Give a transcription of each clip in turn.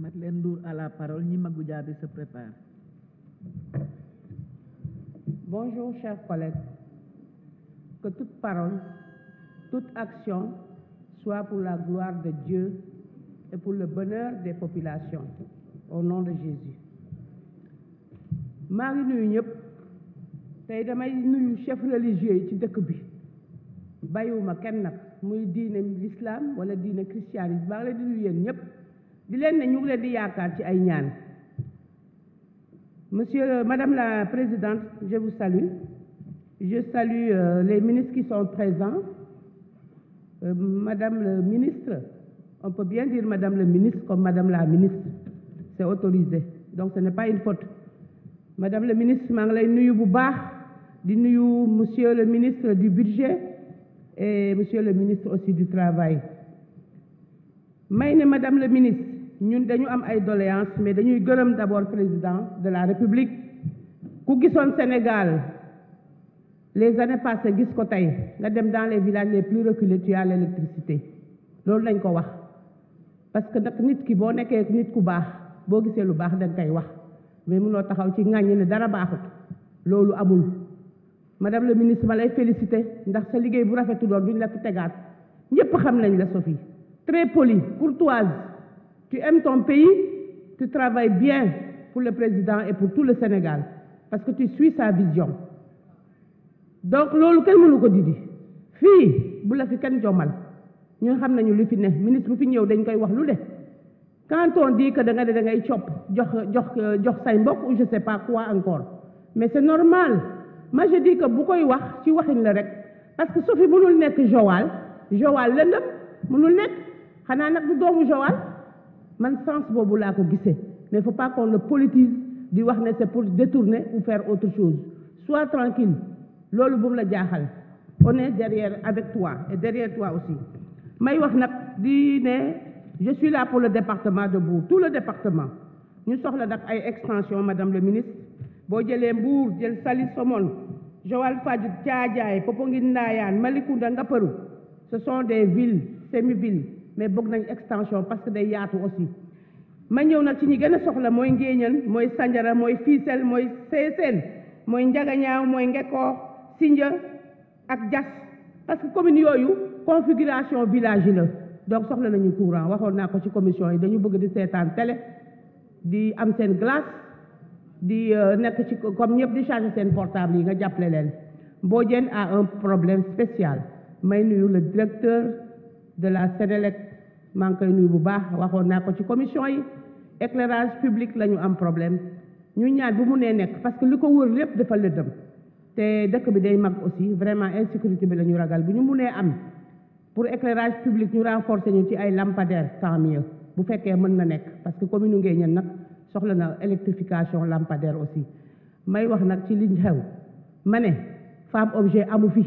Madeleine Ndour à la parole, Nima Goudjabi se prépare. Bonjour chers collègues. Que toute parol tout action soit pour la gloire de Dieu et pour le bonheur des populations. Au non de Jésus. maa ngi nuyu ñëpp tey damay nuyu chef religieux yi ci dëkk bi bàyyiwuma kenn nag muy diine l'islam wala diine christianisme maa ngi leen di nuyu yéen ñëpp di leen ne ñu ngi leen di yaakaar ci ay ñaan monsieur euh, madame la présidente je vous salue je salue euh, les ministres qui son présents euh, madame le ministre on peut bien dire madame le ministre comme madame la ministre c'est autorisé donc ce n'est pas une madame le ministre maa ngi lay nuyu bu baax di nuyu monsieur le ministre du budget et monsieur le ministre aussi du travail may ne madame le ministre ñun dañu am ay doléance mais dañuy gërëm d'abord président de la république ku gisoon Sénégal les années passées gis ko tey nga dem dans les villages les plus reculés tu as loolu lañ ko wax parce que nag nit ki boo nekkee nit ku baax boo gisee lu baax dañ koy wax mais munoo taxaw ci ŋàññi ne dara baaxut loolu amul madame le ministre ma lay féliciter ndax sa liggéey bu rafetu doon duñ la fi tegaat ñëpp xam nañ la Sophie très poli courtoise Tu aimes ton pays, tu travailles bien pour le président et pour tout le Sénégal parce que tu suis sa vision. donc loolu kenn mënu ko didi fii bu la fi kenn jommal ñun xam nañu lu fi ne ministre bu fi ñëw dañ koy wax lu de quand on ko que da nga ne da ngay copp jox jox jox say mbokk ou je sais pas quoi encore mais c'est normal moi je dis bu koy wax ci waxin la rek parce que su fi mënul nekk Joal Joal lëndëm mënul nekk xanaa nag du doomu Joal man sens boobu laa ko gisee mais il faut pas qu'on le politise di wax ne c'est pour détourner ou fair autre chose soit tranquille loolu bu la jaaxal on est derrière avec toi et derrière toi aussi may wax nag di ne je suis la pour le département de Mbour tout le département ñu soxla ndax ay extension madame le ministre boo jëlee Mbour jël Saly Somone Joal Fadiouth Thiadiaye Popenguine Ndayane Malicounda Ngaparou ce sont des villes semi-villes mais bëgg nañ extension parce que day yaatu aussi ma ñëw nag ci ñu gën a soxla mooy ngéeñal mooy sanjara mooy fiisel mooy seeseen mooy njagañaaw mooy ngekoo sinja ak jas parce que commune yooyu configuration village yi la donc soxla nañu courant waxoon naa ko ci commission yi dañu bëgg di seetaan télé di am seen glace di euh, nekk ci comme ñëpp di charger seen portable yi nga jàppale leen boo jën a un problème spécial may nuyu le directeur de la Sénélec maa ngi koy nuyu bu baax waxoon naa ko ci commission yi éclairage public la ñu am problème ñu ñaan bu mu nee nekk parce que li ko wër lépp dafa lëndëm te dëkk bi day mag aussi vraiment insécurité bi la ñu ragal bu ñu mu nee am pour éclairage publique ñu renforcer ñu ci ay lampadaires tant mieux bu fekkee mën na nekk parce que commune Nguéniène nag soxla na électrification lampadaire aussi may wax nag ci liñ xew ma ne femme objet amu fi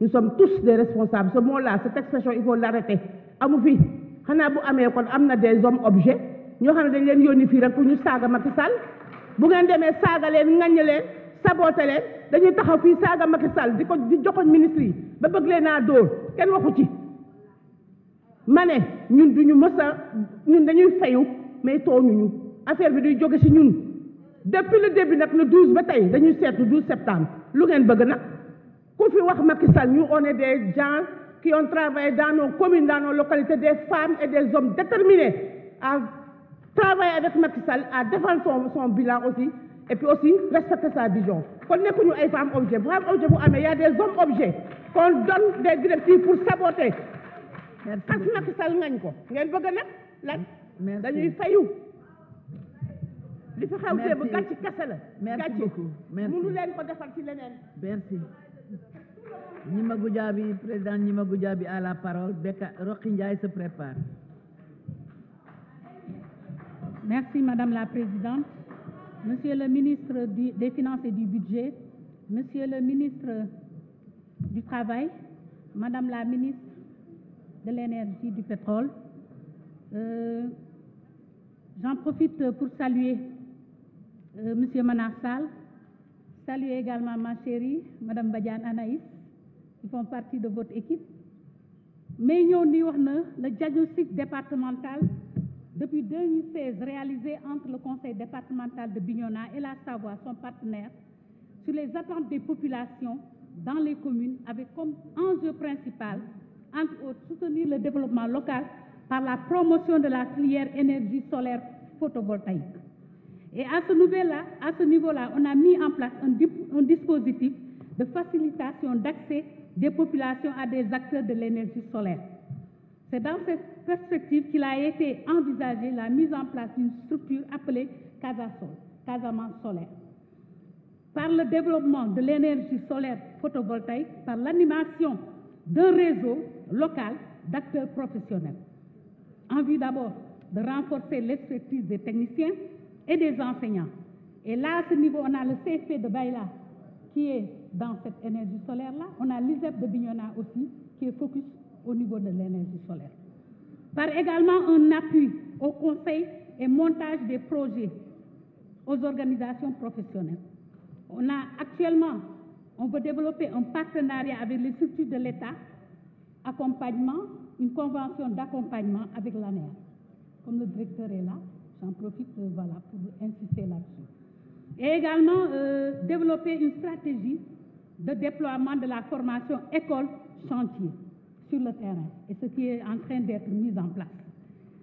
ñu sommes tous des responsables ce mot là cette expression il faut fi xanaa bu amee kon am na des hommes objet ñoo xam ne dañ leen yónni fii rek ku ñu saaga Macky Sall bu ngeen demee saaga leen ŋaññi leen saboté leen dañuy taxaw fii saaga Macky Sall di ko di joxoñ ministre yi ba bëgg leen naa dóor kenn waxu ci ma ne ñun du ñu mësa ñun dañuy fayu mais tooñuñu affaire bi duy jóge ci ñun depuis le début nag le 12 ba tey dañuy seetu 12 septembre lu ngeen bëgg nag ku fi wax Macky Sall ñu on est des qui ont travaillé dans nos communes, dans nos localités, des femmes et des hommes déterminés à travailler avec Macky Sall, à défendre son, son bilan aussi, et aussi respecter sa vision. Qu'on n'est que nous, les femmes objets. Bravo, objet, vous il y a des hommes objets qu'on donne des directives pour saboter. Merci. Parce que Macky Sall gagne quoi. Vous la nak Merci. Dañuy fayu. Li fi xew bu gàcci kese la. Merci beaucoup. Merci. Mënu leen ko defal ci leneen. Merci. Gnima Goudiaby président Gnima Goudiaby à la parole Beka Roqi Ndiaye Merci Madame la Présidente Monsieur le ministre du, des Finances et du Budget Monsieur le ministre du Travail Madame la ministre de l'Énergie du Pétrole euh, j'en profite pour saluer euh, Monsieur Manar Sall saluer également ma chérie Madame Badiane Anaïs ils font partie de votre équipe mais ñëw ni wax na le diagnostic départemental depuis 2016 réalisé entre le conseil départemental de Bignona et la Savoie son partenaire sur les attentes des populations dans les communes avec comme enjeu principal entre autres soutenir le développement local par la promotion de la filière énergie solaire photovoltaïque et à ce niveau-là on a mis en place un dispositif de facilitation d'accès des populations à des acteurs de l'énergie solaire. C'est dans cette perspective qu'il a été envisagé la mise en place d'une structure appelée Casasol, Casamance solaire. Par le développement de l'énergie solaire photovoltaïque, par l'animation d'un réseau local d'acteurs professionnels, en vue d'abord de renforcer l'expertise des techniciens et des enseignants. Et là, à ce niveau, on a le CFP de Baïla, qui est dans cette énergie solaire-là. On a l'ISEP de Bignona aussi qui est focus au niveau de l'énergie solaire. Par également un appui au conseil et montage des projets aux organisations professionnelles. On a actuellement, on veut développer un partenariat avec les structures de l'État, accompagnement, une convention d'accompagnement avec l'ANER. Comme le directeur est là, j'en profite euh, voilà, pour insister là-dessus. Et également, euh, développer une stratégie de déploiement de la formation école-chantier sur le terrain et ce qui est en train d'être mis en place.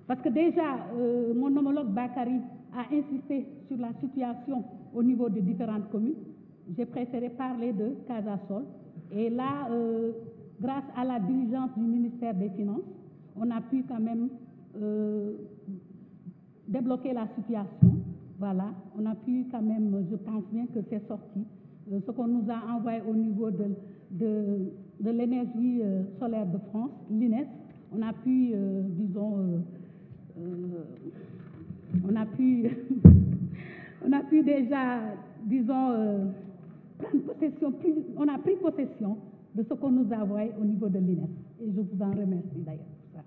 Parce que déjà, euh, mon homologue Bakari a insisté sur la situation au niveau de différentes communes. J'ai préféré parler de Casasol. Et là, euh, grâce à la diligence du ministère des Finances, on a pu quand même euh, la situation. Voilà, on a pu quand même, je pense bien que c'est sorti Euh, ce qu'on nous a envoyé au niveau de, de, de l'énergie euh, solaire de France, l'INES. On a pu, euh, disons, on a pu, on a pu déjà, disons, prendre possession, on a pris possession de ce qu'on nous a envoyé au niveau de l'INES. Et je vous en remercie d'ailleurs.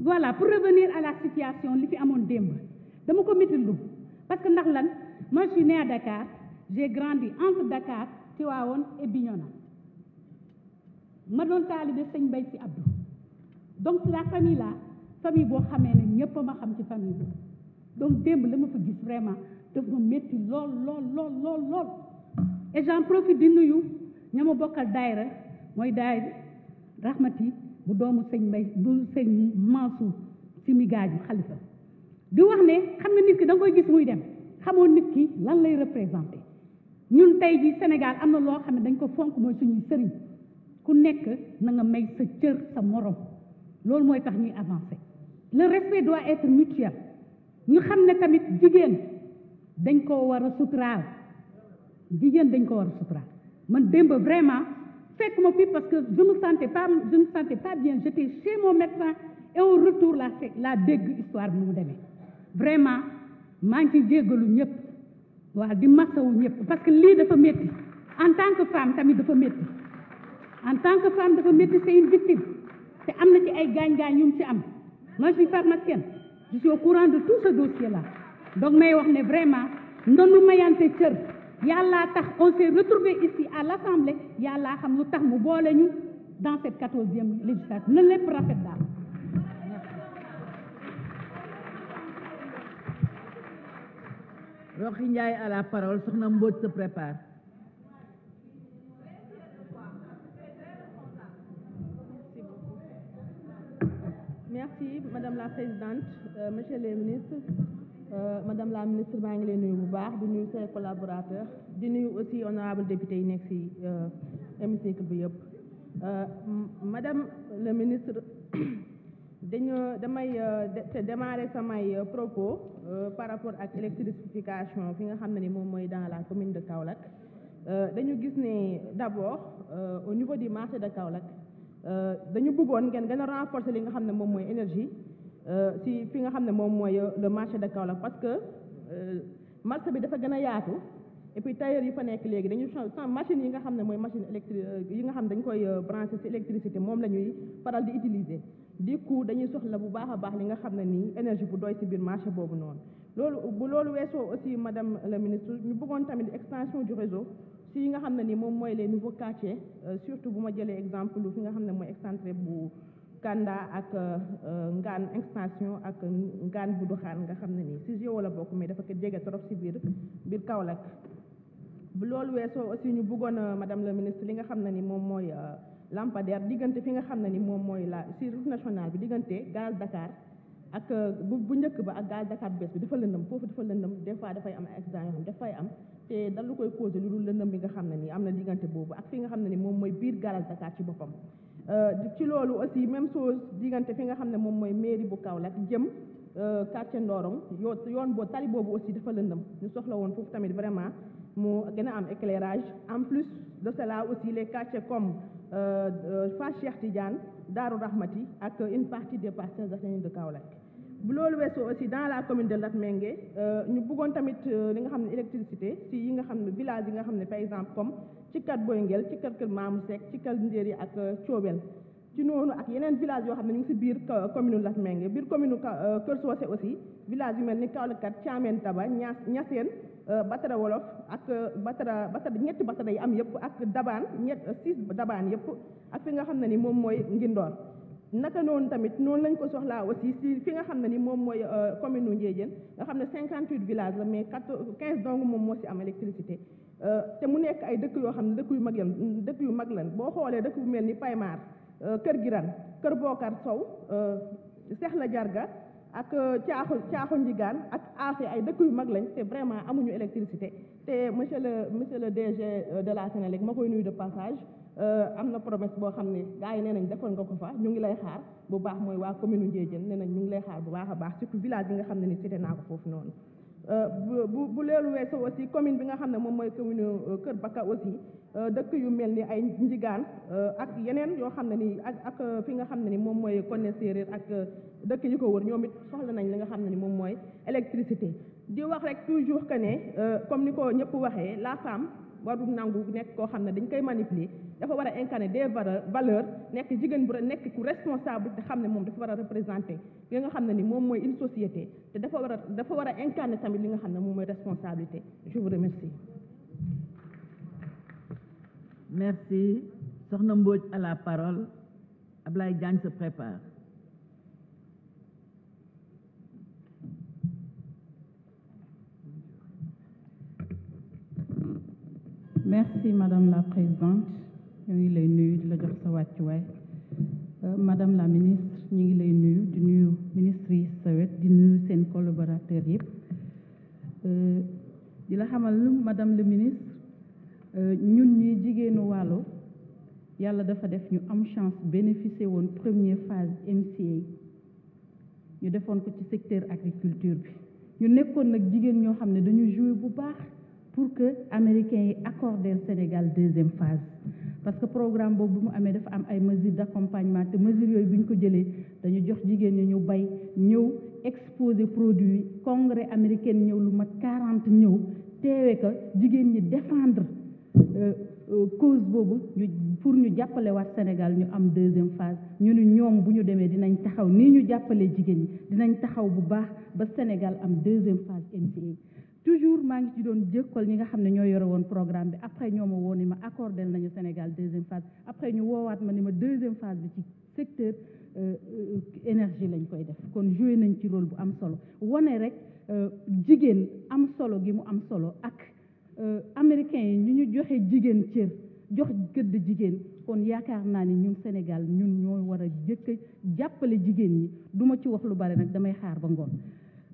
Voilà, pour revenir à la situation, li fi amoon démb dama ko parce que ndax lan moi je à Dakar j'ai grandi entre Dakar Tivaouane et Bignona ma doon taalibe sëñ Mbay si Abdou donc la famille là famille boo xamee ne ñëpp ma xam ci famille bi donc démb la ma fa gis vraiment daf ma métti lool lool lool lool lool et di nuyu ña ma bokkal daayira mooy daayira rahmati bu doomu sëñ Mbay bu sëñ Mansour si mi gaaju xalifa di wax ne xam nga nit ki da koy gis muy dem xamoo nit ki lan lay représenté ñun tey ji Sénégal am na loo xam ne dañ ko fonk mooy suñuy sëriñ ku nekk na nga may sa cër sa morom loolu mooy tax ñuy avancer le respect doit être mutuel ñu xam ne tamit jigéen dañ ko war a suturaal jigéen dañ ko war a suturaal man démb vraiment fekk ma fii parce que je me sentais pas je me sentais pas bien j'étais chez mon médecin retour la fekk la dégg histoire bi mu demee vraiment maa ngi ciy jéggalu ñëpp waaw di masawu ñëpp parce que lii dafa métti en tant que femme tamit dafa métti en tant que femme dafa métti c'est une te am na ci ay gaañ-gaañ yu ci am moi je suis pharmacienne je suis au courant de tout ce dossier là donc may wax ne vraiment ndonu mayante cër yàllaa tax on s'est retrouvé ici à l'Assemblée yàllaa xam lu tax mu boole ñu dans cette quatorzième législature la lépp rafet daal Roxy Ndiaye à la parole Soxna Mbodj se prépare merci madame la présidente euh, monsieur le ministre euh, madame la ministre maa ngi leen nuyu bu baax di nuyu say collaborateurs di nuyu aussi honorable député yi nekk ci euh, hémicycle bi yëpp euh, madame le ministre dañoo damay euh, démarrer samay euh, propos euh, par rapport ak électrification fi nga xam ne ni moom mooy dans la commune de Kaolack dañu gis ne d'abord au niveau du marché de Kaolack dañu bëggoon ngeen gën a renforcer li nga xam ne moom mooy énergie si fi nga xam ne moom mooy le marché de Kaolack parce que marché bi dafa gën a yaatu et puis yi fa nekk léegi dañu sans machine yi nga xam ne mooy machine électrique euh, yi nga xam ne dañ koy euh, branché ci électricité moom la ñuy faral di utiliser di coup dañuy soxla bu baax a baax li nga xam ne nii énergie bu doy ci biir marché boobu noonu loolu bu loolu weesoo aussi madame la ministre ñu bëggoon tamit extension du réseau si yi nga xam ne nii moom mooy les nouveaux quartiers euh, surtout bu ma jëlee exemple fi nga xam ne mooy excentré bu Kanda ak Ngaan extension ak Ngaan Budduxaan nga xam ne nii si géo la bokk mais dafa ko jege trop si biir biir Kaolack bu loolu weesoo aussi ñu bëggoon euh, madame la ministre li nga xam ne ni moom mooy euh, lampadaire diggante fi nga xam ne ni moom mooy la si route nationale bi diggante gaz Dakar ak euh, bu bu njëkk ba ak gaz Dakar bees bi dafa lëndëm foofu dafa lëndëm des fois dafay am accident yoo xam dafay am te dal lu koy causé lu dul lëndëm bi nga xam ne ni am na diggante boobu ak fi nga xam ne ni moom mooy biir garal Dakar ci boppam ci loolu aussi même soo diggante fi nga xam ne moom mooy mairie bu Kaolack jëm quartier Ndorong yoo yoon boo tali boobu aussi dafa lëndëm ñu soxla woon foofu tamit vraiment mu gën a am éclairage en plus de cela aussi les quartiers comme euh, euh, Fass Cheikh Tidiane Daaru Rahmati ak une partie des parcelles assainies de Kaolack bu loolu weesoo aussi dans la commune de Latmingué euh, ñu bëggoon tamit li nga xam ne électricité si yi nga xam ne village yi nga xam ne par exemple comme ci kat Boyngel ci kat Kër Maamu Seck ci kat Ndéri ak Coobel ci noonu ak yeneen village yoo xam ne ñu ngi si biir commune Latmingué biir commune Kër Soose aussi village yu mel ni Kaolack kat Thiamène Taba Niassène Batara Wolof ak euh, batara batara ñetti batara yi am yëpp ak dabaan ñett euh, six dabaan yëpp ak fi nga xam ne ni moom mooy ngindoor naka noonu tamit noonu lañ ko soxlaa aussi si fi nga xam ne ni moom mooy euh, commune u Ndiédiène nga xam ne cinquante huit villages la mais quatorze quinze donc moom moo si am électricité te mu nekk ay dëkk yoo xam ne dëkk yu mag lan dëkk yu mag lan boo xoolee dëkk bu mel ni paymaar Kër Giran Kër Bokar Sow Sexla Jarga ak caaxu caaxu njigaan ak aafe ay dëkk yu mag lañ te vraiment amuñu électricité te monsieur le monsieur le DG euh, de la Sénélec ma koy nuyu de passage euh, am na promesse boo xam ne gars yi nee nañ defoon nga ko fa ñu ngi lay xaar bu baax mooy waa commune Ndiédiène nee nañ ñu ngi lay xaar bu baax a baax surtout village xam ne ni cité naa ko foofu noonu euh, bu bu leelu weesoo commune bi nga xam ne moom mooy commune Kër Baka aussi dëkk yu mel ni ay njigaan ak yeneen yoo xam ne ni ak ak fi nga xam ne ni moom mooy Koné ak dëkk yu ko ñoom it soxla nañ li nga xam ne ni moom mooy électricité di wax rek toujours que ne euh, comme ni ko ñëpp waxee la femme warul nangu nekk koo xam ne dañ koy manipuler dafa war a incarner des valeur nekk jigéen bu nekk ku responsable te xam ne moom dafa war a représenté li nga xam ne ni moom mooy une société te dafa war a dafa war a incarner tamit li nga xam ne moom mooy responsabilité je vous remercie. merci Soxna Mbodj à la parole Ablaye Diagne se prépare. merci madame la présidente ñu ngi lay nuyu di la jox sa wàccuwaay euh, madame la ministre ñu ngi lay nuyu di nuyu ministre yi sa wet di nuyu seen collaborateur yëpp euh, di la xamal madame le ministre euh, ñun ñi jigéenu Waalo yàlla dafa def ñu am chance bénéficier woon première phase MCA ñu defoon ko ci secteur agriculture bi ñu nekkoon nag jigéen ñoo xam ne dañu jouer bu baax pour que américains yi accordé Sénégal deuxième phase parce que programme boobu bu mu amee dafa am ay mesures d'accompagnement te mesures yooyu bu ñu ko jëlee dañu jox jigéen ñi ñu bay ñëw exposer produit congrès américain ñëw lu mat 40 ñëw teewee ko jigéen ñi défendre euh, euh, cause boobu pour ñu jàppale waat Sénégal ñu am deuxième phase ñu ni ñoom bu ñu demee dinañ taxaw nii ñu jàppalee jigéen ñi dinañ taxaw bu baax ba Sénégal am deuxième phase MCA toujours maa ngi ci doon jékkal ñi nga xam ne ñoo yore woon programme bi après ñoo ma woo ni ma accordé nañu Sénégal deuxième phase après ñu woowaat ma ni ma deuxième phase bi ci secteur euh, énergie lañ koy def kon joué nañ ci rôle bu am solo wane rek euh, jigéen am solo gi mu am solo ak euh, américains yi ñu ñu joxe jigéen cër jox gëdd jigéen kon yaakaar naa ni ñun Sénégal ñun ñoo war a jëkk jàppale jigéen ñi duma ci wax lu bari nag damay xaar ba ngoon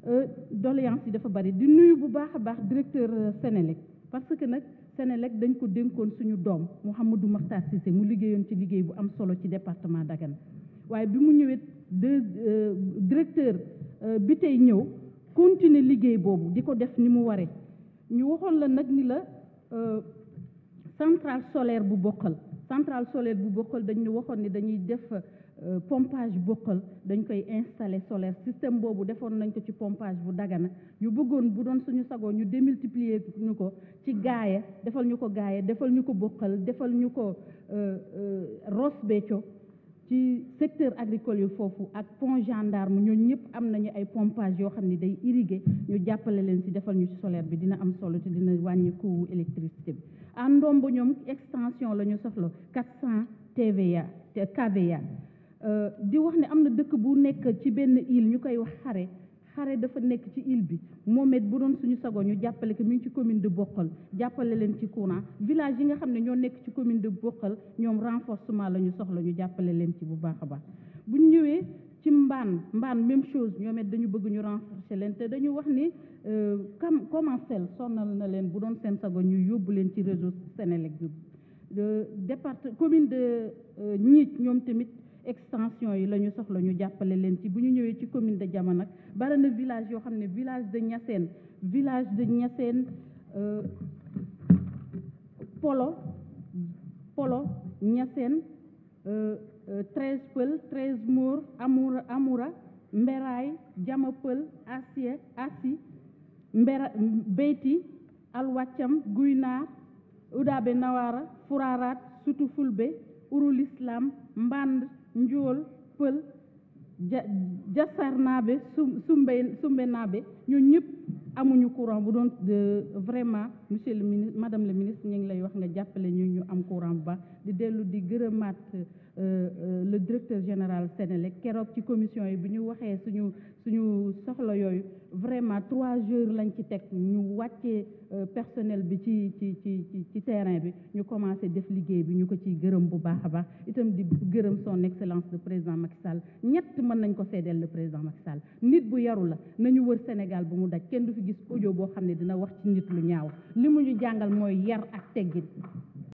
Euh, doléance yi dafa bari di nuyu bu baax a baax directeur euh, Sénélec parce que nag Sénélec dañ ko dénkoon suñu doom mu xam Mouhamadou Makhtar Cissé mu liggéeyoon ci liggéey bu am solo ci département Dagana waaye bi mu ñëwee de euh, directeur bi tey ñëw continuer liggéey boobu di ko def ni mu waree ñu waxoon la nag ni la centrale solaire bu bokkal centrale solaire bu bokkal dañ waxoon ni dañuy def Euh, pompage bokkal dañ koy installer solaire système boobu defoon nañ ko ci pompage bu Dagana ñu bëggoon bu doon suñu sagoo ñu démultiplier ñu ko ci gaaya defal ñu ko gaaya defal ñu ko bokkal defal ñu ko euh, euh, Ross Béthio ci secteur agricole yu foofu ak pont gendarme ñooñu ñëpp am nañu ay pompage yoo xam ne day irriguer ñu jàppale leen ci defal ñu ci solaire bi dina am solo te dina wàññi coût électricité bi à ndomb ñoom extension la ñu soxla 400 TVA te KVA Euh, di wax ne am na dëkk bu nekk ci benn île ñu koy wax xare xare dafa nekk ci île bi moom bu doon suñu sago ñu jàppale ko mi ngi ci commune de Bokhol jàppale leen ci courant village yi nga xam ne ñoo nekk ci commune de Bokhol ñoom renforcement la ñu soxla ñu jàppale leen ci bu baax a baax bu ñu ñëwee ci mbaan mbaan même chose ñoom dañu bëgg ñu renforcer leen te dañu wax ni comme euh, commencel sonal na leen bu doon seen sago ñu yóbbu leen ci réseau Sénélec bi euh, département commune de Niit ñoom tamit extension yi la ñu soxla ñu jàppale leen ci bu ñu ñëwee ci commune de Diama nag bare na village yoo xam ne village de Niassène village de Niassène euh, Polo Polo ñasen euh, euh, treize Pël treize Mour Amoura Amoura Mberaay Jama Pël Asie Asi Mbera Beyti Alwàccam Guynaar Udabe Nawara Furaaraat Sutu Fulbe Urul Islam Mband njool pël ja jasar naa su jasarnaabe sumbe bi ñun ñëpp amuñu courant bu doon vraiment monsieur le ministre madame le ministre ñu ngi lay wax nga jàppale ñu ñu am courant ba di dellu di gërëmaat Euh, euh, le directeur général Sénélec keroog ci commission yi bi ñu waxee suñu suñu soxla yooyu vraiment trois jours lañ ci teg ñu wàccee euh, personnel bi ci ci ci ci terrain bi ñu commencé def liggéey bi ñu ko ciy gërëm bu baax a baax itam di gërëm son excellence de président Macky Sall ñett mën nañ ko seedeel le président Macky nit bu yaru la nañu wër Sénégal bu mu daj kenn du fi gis audio boo xam ne dina wax ci nit lu ñaaw li mu ñu jàngal mooy yar ak teggin